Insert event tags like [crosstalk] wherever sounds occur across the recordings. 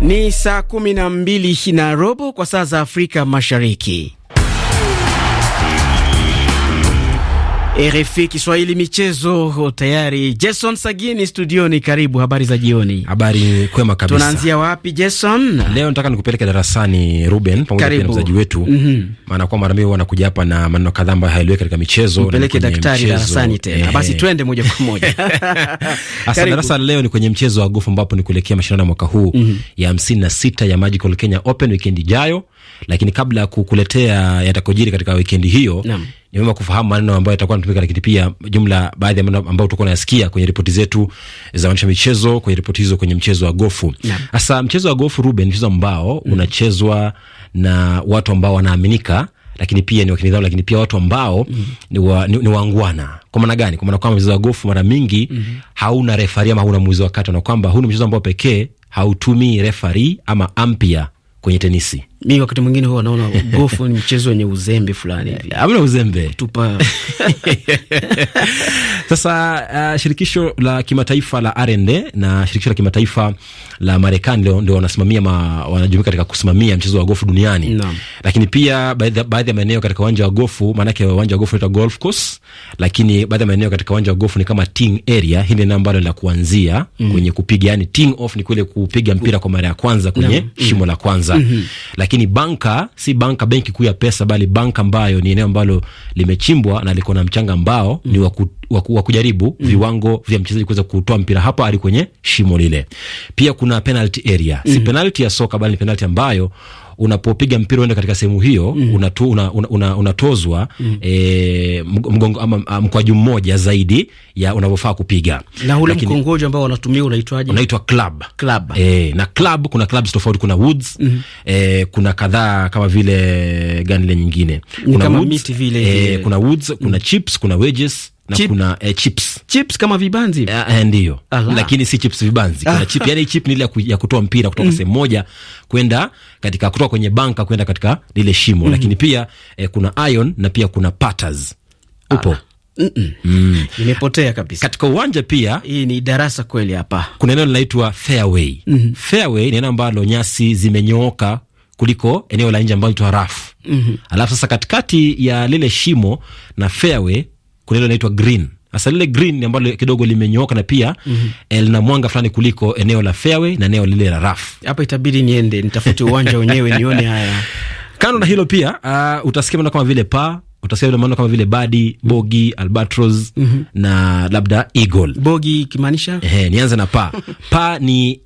Ni saa kumi na mbili na robo kwa saa za Afrika Mashariki. RFI Kiswahili michezo tayari. Jason Sagini studioni, karibu. Habari za jioni. Habari kwema kabisa. Tunaanzia wapi Jason? Leo nataka nikupeleke darasani Ruben pamoja na mchezaji wetu. Mhm. Maana mm -hmm. kwa mara mimi wanakuja hapa na maneno kadhaa ambayo haieleweki katika michezo. Nipeleke daktari darasani tena. Eh. Basi twende moja kwa moja. [laughs] Asa darasa leo ni kwenye mchezo wa gofu ambapo ni kuelekea mashindano ya mwaka huu mm -hmm. ya 56 ya Magical Kenya Open weekend ijayo. Lakini kabla ya kukuletea yatakojiri katika wikendi hiyo, ni vyema kufahamu maneno ambayo yatakuwa yanatumika, lakini pia jumla baadhi ya maneno ambayo tutakuwa nayasikia kwenye ripoti zetu za wanisha michezo, kwenye ripoti hizo kwenye mchezo wa gofu. Sasa mchezo wa gofu, Ruben, mchezo ambao mm, unachezwa na watu ambao wanaaminika lakini pia ni wakinidhamu, lakini pia watu ambao mm. ni, wa, ni, ni wangwana. Kwa maana gani? Kwa maana kwamba mchezo wa gofu mara mingi mm -hmm. hauna refari ama hauna mwizi wa kati, na kwamba huu ni mchezo ambao pekee hautumii refari ama ampia kwenye tenisi. Mi wakati mwingine huwa naona [laughs] gofu ni mchezo wenye uzembe fulani hivi, hamna uzembe tupa. [laughs] Sasa uh, shirikisho la kimataifa la RND na shirikisho la kimataifa la Marekani leo ndio wanasimamia ma, wanajumuika katika kusimamia mchezo wa gofu duniani no. Lakini pia baadhi ya maeneo katika uwanja wa gofu, maanake uwanja wa gofu unaitwa golf course, lakini baadhi ya maeneo katika uwanja wa gofu ni kama ting area. Hili eneo ambalo la kuanzia mm. kwenye kupiga, yani ting off ni kule kupiga mpira kwa mara ya kwanza kwenye no. Mm. shimo mm. la kwanza mm -hmm lakini banka si banka benki kuu ya pesa, bali banka ambayo ni eneo ambalo limechimbwa na liko na mchanga ambao mm. ni waku, wa kujaribu mm. viwango vya mchezaji kuweza kutoa mpira hapa hadi kwenye shimo lile. Pia kuna penalty area, si mm. penalty ya soka, bali ni penalty ambayo unapopiga mpira uende katika sehemu hiyo mm. unatu, una, una, unatozwa mm. e, mgongo ama ah, mkwaju mmoja zaidi ya unavyofaa kupiga. Na ule mkongojo ambao wanatumia unaitwaje? Unaitwa club. Club. E, na club kuna clubs tofauti, kuna woods mm. e, kuna kadhaa kama vile gani le nyingine, kuna woods, vile, e, vile. kuna woods, kuna mm. chips, kuna wedges na chip. Kuna eh, chips chips kama vibanzi eh, eh ndio, lakini si chips vibanzi, kuna ah. chip yani chip ni ile ya kutoa mpira kutoka mm. sehemu moja kwenda katika kutoka kwenye banka kwenda katika lile shimo mm. Lakini pia eh, kuna iron na pia kuna putters upo Ala. Ah. Mm -mm. Mm. Imepotea kabisa katika uwanja pia. Hii ni darasa kweli. Hapa kuna eneo linaitwa fairway. mm -hmm. Fairway ni eneo ambalo nyasi zimenyooka kuliko eneo la nje ambalo linaitwa rafu. mm -hmm. Alafu sasa katikati ya lile shimo na fairway kuna ile inaitwa green. hasa lile green ambalo kidogo limenyooka na pia mm -hmm. lina mwanga fulani kuliko eneo la fairway na eneo lile la rafu. Hapa itabidi niende nitafute uwanja wenyewe nione [laughs] haya. Kando na hilo pia uh, utasikia maneno kama vile pa utasikia vile maneno kama vile badi, bogi, albatros mm -hmm. na labda eagle. Bogi kimaanisha? Eh, nianze na pa. [laughs] pa ni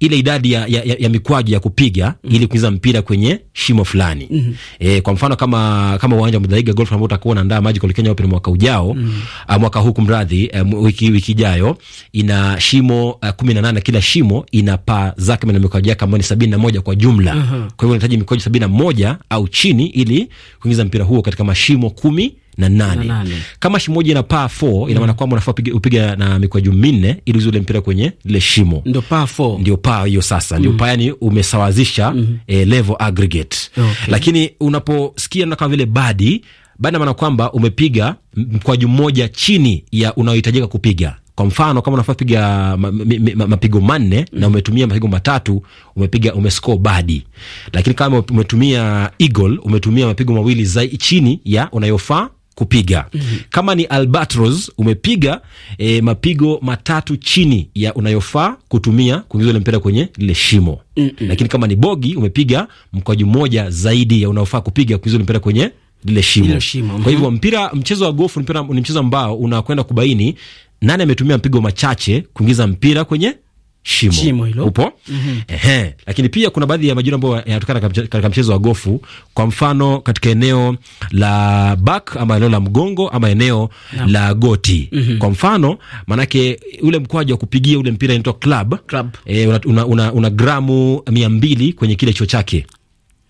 ile idadi ya, ya, ya ya mikwaju ya kupiga mm -hmm. ili kuingiza mpira kwenye shimo fulani mm -hmm. E, kwa mfano kama kama uwanja wa Muthaiga Golf ambao utakuwa unaandaa kwa Kenya Open mwaka ujao mm -hmm. mwaka huu kumradhi, e, wiki wiki ijayo ina shimo uh, 18 kila shimo ina paa zake na mikwaju yake ambayo ni moja kwa jumla uh -huh. Kwa hivyo unahitaji mikwaju moja au chini ili kuingiza mpira huo katika mashimo kumi na nane. Na nane. Kama shimo moja ina par 4 ina mm. maana kwamba unafaa upiga na mikwaju minne ili uzule mpira kwenye lile shimo. Ndio par 4. Ndio par hiyo sasa. Ndio mm. par yani umesawazisha mm -hmm. eh, level aggregate. Okay. Lakini unaposikia na kama vile badi badi maana kwamba umepiga mkwaju mmoja chini ya unaohitajika kupiga. Kwa mfano kama unafaa piga mapigo ma, ma, ma, manne mm. na umetumia mapigo matatu, umepiga umescore badi. Lakini kama umetumia eagle, umetumia mapigo mawili zaidi chini ya unayofaa kupiga. mm -hmm. Kama ni albatros umepiga e, mapigo matatu chini ya unayofaa kutumia kuingiza ule mpira kwenye lile shimo. mm -hmm. Lakini kama ni bogi umepiga mkwaju mmoja zaidi ya unayofaa kupiga kuingiza ule mpira kwenye lile shimo. shimo. Kwa hivyo mhm. mpira, mchezo wa gofu ni mchezo ambao unakwenda kubaini nani ametumia mpigo machache kuingiza mpira kwenye shimo, shimo hilo upo. mm -hmm. Ehe, lakini pia kuna baadhi ya majina ambayo yanatokana katika mchezo wa gofu. Kwa mfano katika eneo la back ama eneo la mgongo ama eneo yeah. la goti mm -hmm. Kwa mfano maanake ule mkwaji wa kupigia ule mpira inaitwa club, club. E, una, una, una, una gramu mia mbili kwenye kile chuo chake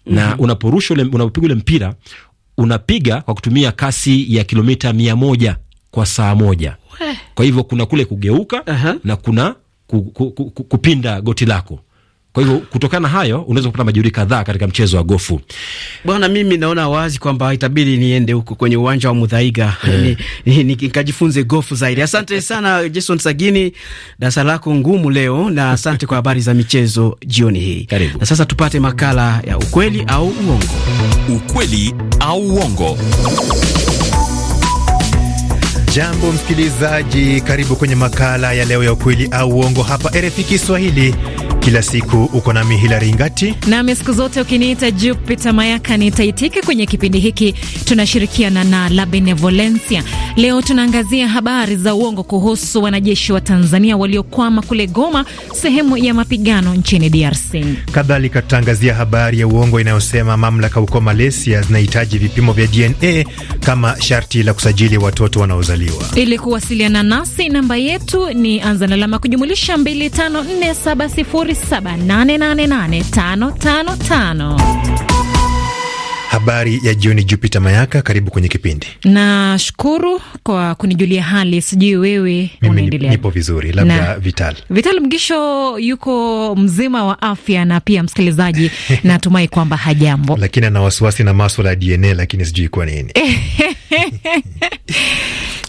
mm -hmm. na unaporusha ule, unapopiga ule mpira unapiga kwa kutumia kasi ya kilomita mia moja kwa saa moja. Weh. Kwa hivyo kuna kule kugeuka uh -huh. na kuna ku, ku, ku, kupinda goti lako. Kwa hivyo kutokana na hayo unaweza kupata majeruhi kadhaa katika mchezo wa gofu. Bwana, mimi naona wazi kwamba itabidi niende huko kwenye uwanja wa Mudhaiga yeah. [laughs] nikajifunze ni, gofu zaidi. Asante sana Jason Sagini, darasa lako ngumu leo, na asante kwa habari za michezo jioni hii. Karibu. Na sasa tupate makala ya ukweli au uongo. Ukweli au uongo Jambo msikilizaji, karibu kwenye makala ya leo ya ukweli au uongo hapa RFI Kiswahili. Kila siku uko nami Hilari Ngati, nami siku zote ukiniita Jupiter Mayaka nitaitika. Kwenye kipindi hiki tunashirikiana na La Benevolencia. Leo tunaangazia habari za uongo kuhusu wanajeshi wa Tanzania waliokwama kule Goma, sehemu ya mapigano nchini DRC. Kadhalika tutaangazia habari ya uongo inayosema mamlaka huko Malaysia zinahitaji vipimo vya DNA kama sharti la kusajili watoto wanaozaliwa. Ili kuwasiliana nasi, namba yetu ni anza na alama kujumulisha 25470 Habari ya jioni, Jupiter Mayaka, karibu kwenye kipindi. Nashukuru kwa kunijulia hali, sijui wewe unaendelea? Nipo vizuri, labda Vital Vital Mgisho yuko mzima wa afya na pia msikilizaji [laughs] natumai kwamba hajambo, lakini ana wasiwasi na maswala ya DNA, lakini sijui kwa nini [laughs]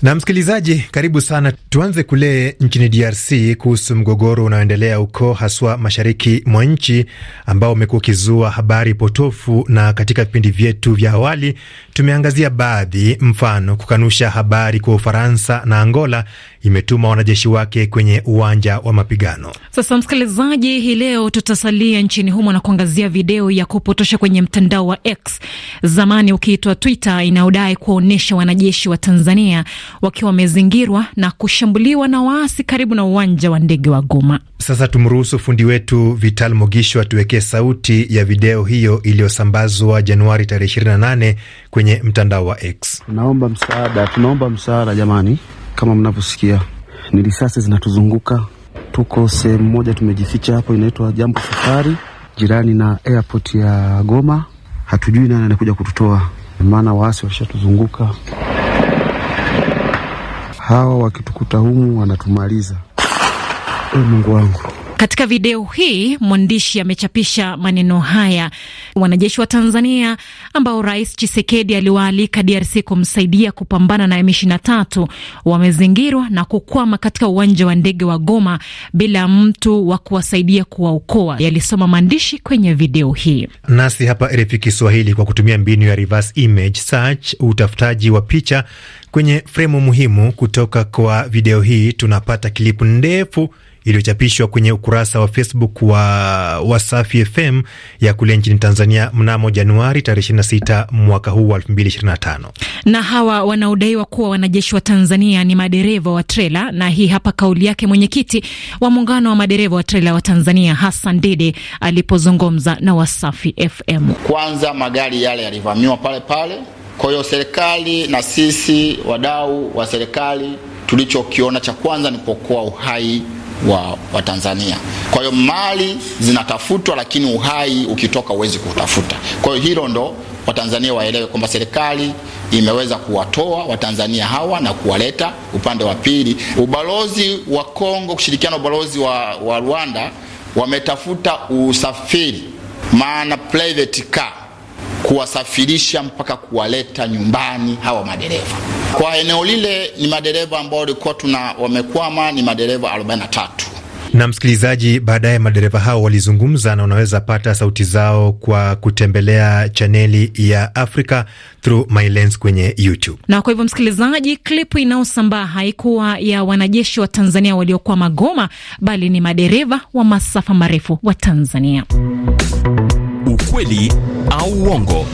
Na msikilizaji, karibu sana. Tuanze kule nchini DRC kuhusu mgogoro unaoendelea huko, haswa mashariki mwa nchi, ambao umekuwa ukizua habari potofu, na katika vipindi vyetu vya awali tumeangazia baadhi, mfano kukanusha habari kwa Ufaransa na Angola imetuma wanajeshi wake kwenye uwanja wa mapigano. Sasa msikilizaji, hii leo tutasalia nchini humo na kuangazia video ya kupotosha kwenye mtandao wa X, zamani ukiitwa Twitter, inayodai kuwaonyesha wanajeshi wa Tanzania wakiwa wamezingirwa na kushambuliwa na waasi karibu na uwanja wa ndege wa Goma. Sasa tumruhusu fundi wetu Vital Mogisho atuwekee sauti ya video hiyo iliyosambazwa Januari tarehe 28 kwenye mtandao wa X. Tunaomba msaada, tunaomba msaada jamani, kama mnavyosikia ni risasi zinatuzunguka. Tuko sehemu moja tumejificha hapo, inaitwa Jambo Safari, jirani na airport ya Goma. Hatujui nani anakuja kututoa, maana waasi washatuzunguka hawa wakitukuta humu wanatumaliza. E Mungu wangu. Katika video hii mwandishi amechapisha maneno haya: wanajeshi wa Tanzania ambao Rais Chisekedi aliwaalika DRC kumsaidia kupambana na M23 wamezingirwa na kukwama katika uwanja wa ndege wa Goma bila mtu wa kuwasaidia kuwaokoa, yalisoma maandishi kwenye video hii. Nasi hapa RFI Kiswahili, kwa kutumia mbinu ya reverse image search, utafutaji wa picha kwenye fremu muhimu kutoka kwa video hii, tunapata klipu ndefu iliyochapishwa kwenye ukurasa wa Facebook wa Wasafi FM ya kule nchini Tanzania mnamo Januari tarehe 26 mwaka huu wa 2025. Na hawa wanaodaiwa kuwa wanajeshi wa Tanzania ni madereva wa trela, na hii hapa kauli yake mwenyekiti wa muungano wa madereva wa trela wa Tanzania Hassan Dede alipozungumza na Wasafi FM. Kwanza magari yale yalivamiwa pale pale, kwa hiyo serikali na sisi wadau wa serikali tulichokiona cha kwanza ni kuokoa uhai wa, wa Tanzania. Kwa hiyo mali zinatafutwa, lakini uhai ukitoka huwezi kutafuta. Kwa hiyo hilo ndo Watanzania waelewe kwamba serikali imeweza kuwatoa Watanzania hawa na kuwaleta upande wa pili. Ubalozi wa Kongo kushirikiana na ubalozi wa, wa Rwanda wametafuta usafiri maana private car kuwasafirisha mpaka kuwaleta nyumbani hawa madereva. Kwa eneo lile ni madereva ambao walikuwa tuna wamekwama ni madereva 43 na msikilizaji, baadaye madereva hao walizungumza, na unaweza pata sauti zao kwa kutembelea chaneli ya Africa Through My Lens kwenye YouTube. Na kwa hivyo, msikilizaji, klipu inayosambaa haikuwa ya wanajeshi wa Tanzania waliokuwa magoma, bali ni madereva wa masafa marefu wa Tanzania ukweli au uongo.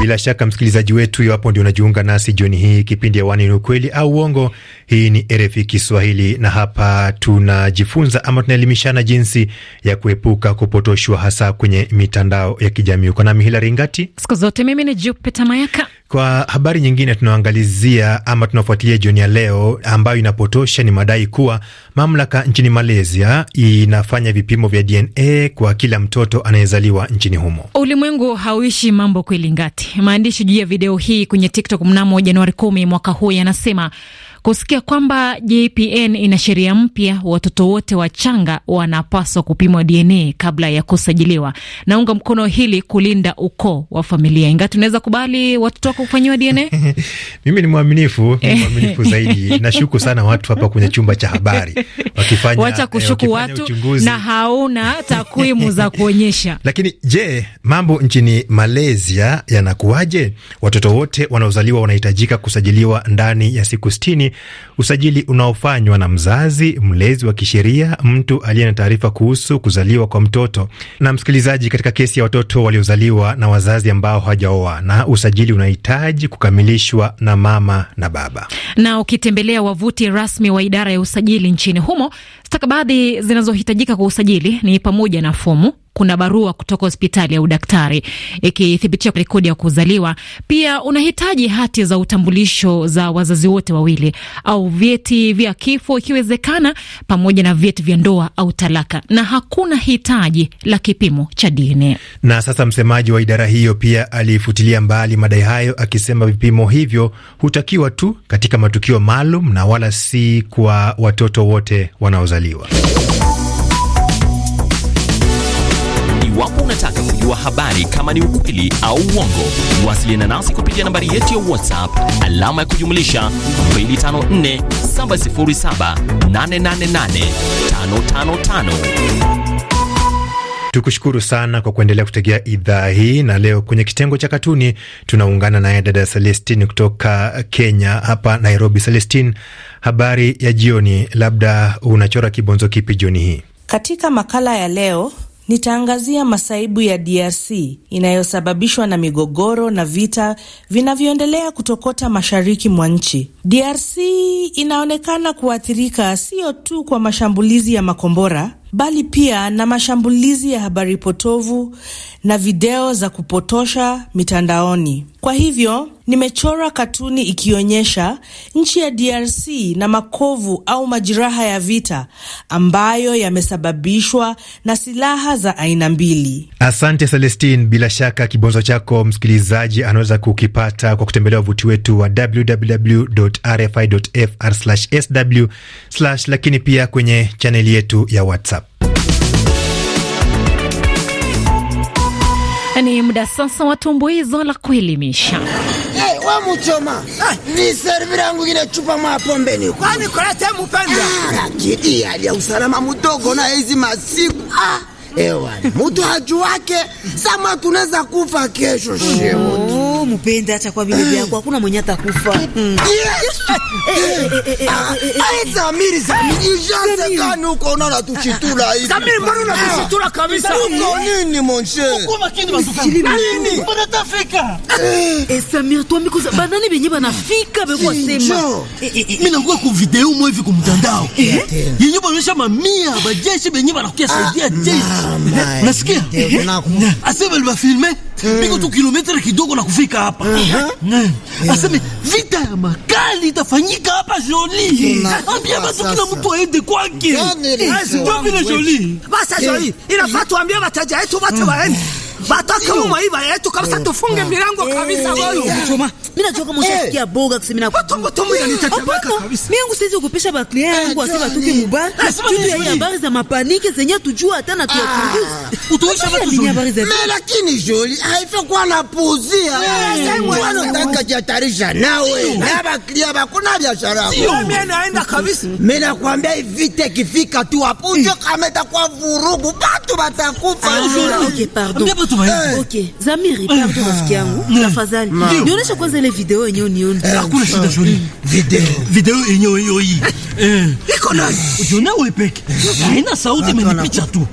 Bila shaka msikilizaji wetu, iwapo ndio unajiunga nasi jioni hii, kipindi ya wani ni ukweli au uongo, hii ni RFI Kiswahili na hapa tunajifunza ama tunaelimishana jinsi ya kuepuka kupotoshwa hasa kwenye mitandao ya kijamii. Uko nami Hilari Ngati siku zote, mimi ni Jupita Mayaka. Kwa habari nyingine, tunaangalizia ama tunafuatilia jioni ya leo ambayo inapotosha ni madai kuwa mamlaka nchini Malaysia inafanya vipimo vya DNA kwa kila mtoto anayezaliwa nchini humo. Ulimwengu hauishi mambo kweli, Ngati. Maandishi juu ya video hii kwenye TikTok mnamo Januari kumi mwaka huu yanasema kusikia kwamba JPN ina sheria mpya, watoto wote wachanga wanapaswa kupimwa DNA kabla ya kusajiliwa. Naunga mkono hili kulinda ukoo wa familia, ingawa tunaweza kubali watoto wako kufanyiwa DNA. [laughs] Mimi ni mwaminifu, mwaminifu [laughs] zaidi. Nashuku sana watu hapa kwenye chumba cha habari wakifanya, wacha eh, kushuku eh, watu uchunguzi. na hauna takwimu za kuonyesha. [laughs] Lakini je, mambo nchini Malaysia yanakuwaje? Watoto wote wanaozaliwa wanahitajika kusajiliwa ndani ya siku sitini usajili unaofanywa na mzazi, mlezi wa kisheria, mtu aliye na taarifa kuhusu kuzaliwa kwa mtoto. Na msikilizaji, katika kesi ya watoto waliozaliwa na wazazi ambao hawajaoa, na usajili unahitaji kukamilishwa na mama na baba. Na ukitembelea wavuti rasmi wa idara ya usajili nchini humo Stakabadhi zinazohitajika kwa usajili ni pamoja na fomu kuna barua kutoka hospitali ya udaktari ikithibitisha rekodi ya kuzaliwa. Pia unahitaji hati za utambulisho za wazazi wote wawili au vyeti vya kifo ikiwezekana, pamoja na vyeti vya ndoa au talaka, na hakuna hitaji la kipimo cha DNA. Na sasa msemaji wa idara hiyo pia alifutilia mbali madai hayo, akisema vipimo hivyo hutakiwa tu katika matukio maalum na wala si kwa watoto wote wanaozaliwa kuandaliwa. Iwapo unataka kujua habari kama ni ukweli au uongo, wasiliana nasi kupitia nambari yetu ya WhatsApp alama ya kujumlisha 254 707 888 555. Tukushukuru sana kwa kuendelea kutegea idhaa hii, na leo kwenye kitengo cha katuni tunaungana naye dada Celestine kutoka Kenya hapa Nairobi. Celestine, habari ya jioni. Labda unachora kibonzo kipi jioni hii? Katika makala ya leo nitaangazia masaibu ya DRC inayosababishwa na migogoro na vita vinavyoendelea kutokota mashariki mwa nchi. DRC inaonekana kuathirika sio tu kwa mashambulizi ya makombora bali pia na mashambulizi ya habari potovu na video za kupotosha mitandaoni. Kwa hivyo nimechora katuni ikionyesha nchi ya DRC na makovu au majeraha ya vita ambayo yamesababishwa na silaha za aina mbili. Asante Celestine, bila shaka kibonzo chako msikilizaji anaweza kukipata kwa kutembelea wavuti wetu wa www.rfi.fr/sw, lakini pia kwenye chaneli yetu ya WhatsApp. Ni muda sasa wa tumbuizo la kuelimisha wa mchoma ni servira yangu ile chupa mwa pombeni huko, kwani kolete mpenda ah, lakini hali ya usalama mudogo na hizi masiku ah, ewa mtu haju wake sama tunaweza kufa kesho shemu mpende hata kwa vile vyako, hakuna mwenye atakufa. Zamiri, mm. Zamiri, ujanze gani huko? Unaona tushitula hivi Zamiri, mbona unatushitula kabisa? Uko eh? nini monshe? Uko makini basuka eh. eh, nini? Bana tafika eh, Samir tu amiko banani benye banafika bekuwa sema mimi nakuwa ku video mwe hivi kumtandao yenye banaonyesha mamia bajeshi benye banakuwa ah, saidia jeshi, nasikia asema libafilme piga tu kilomita kidogo na kufika hapa. Aseme vita ya makali itafanyika hapa Joli. Ambia basi kila mtu aende kwake. Yaani, eh, ndio vile Joli. Basi Joli, eh. inafaa tuambie wateja wetu wote mm. waende. Bataka nyuma hiva yetu kabisa eh. tufunge milango eh. kabisa wewe. Choma. Mimi najua kama ushafikia boga kusema na watu wote mimi nanitetemeka eh. kabisa. Mimi yangu siwezi kupisha baklia yangu asiba tuke mubaya. Tutu ya habari za mapanike zenye tujua hata na tuyakunguza. Utuisha watu zuri. Habari za. Lakini joli haifa kwa na puzia. Wanataka jatarisha nawe. Na ba kuna biashara. Sio mimi naenda mm-hmm. kabisa. Mimi nakwambia vite kifika tu hapo ndio kama itakuwa vurugu watu watakufa. Ah, okay, pardon watu waende. Eh. Okay, Zamiri, pardon rafiki yangu, tafadhali nionyeshe kwanza ile video yenyewe nione. Hakuna shida shuri. Video. Video yenyewe hiyo hii. Eh. Iko na. Unaona wewe peke. Haina sauti mimi picha tu.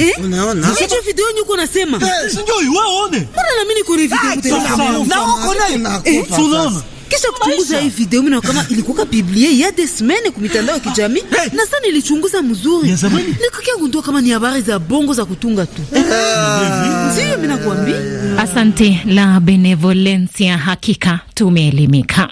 Eh? Unaona? Hiyo video yenyewe uko nasema. Sio wewe uone. Mbona na mimi niko na video tena. Na uko nayo. Unaona? kisha kuchunguza hii video mimi kama ilikuwa Biblia ya des semaine kwa mitandao ya ah, ah. kijamii hey. Na sasa nilichunguza mzuri nikakia gundua kama ni habari za bongo za kutunga tu ndio eh. mimi nakwambia. Asante la benevolencia, hakika tumeelimika.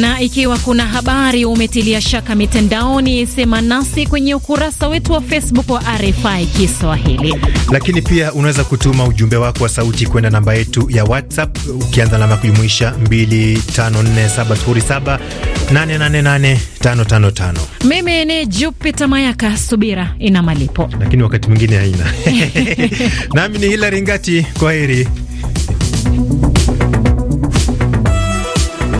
Na ikiwa kuna habari umetilia shaka mitandaoni, sema nasi kwenye ukurasa wetu wa Facebook wa RFI Kiswahili. Lakini pia unaweza kutuma ujumbe wako wa sauti kwenda namba yetu ya WhatsApp ukianza namba kujumuisha 254707888555. Mimi ni Jupiter Mayaka, subira ina malipo, lakini wakati mwingine haina. [laughs] Nami ni Hilari Ngati, kwa heri.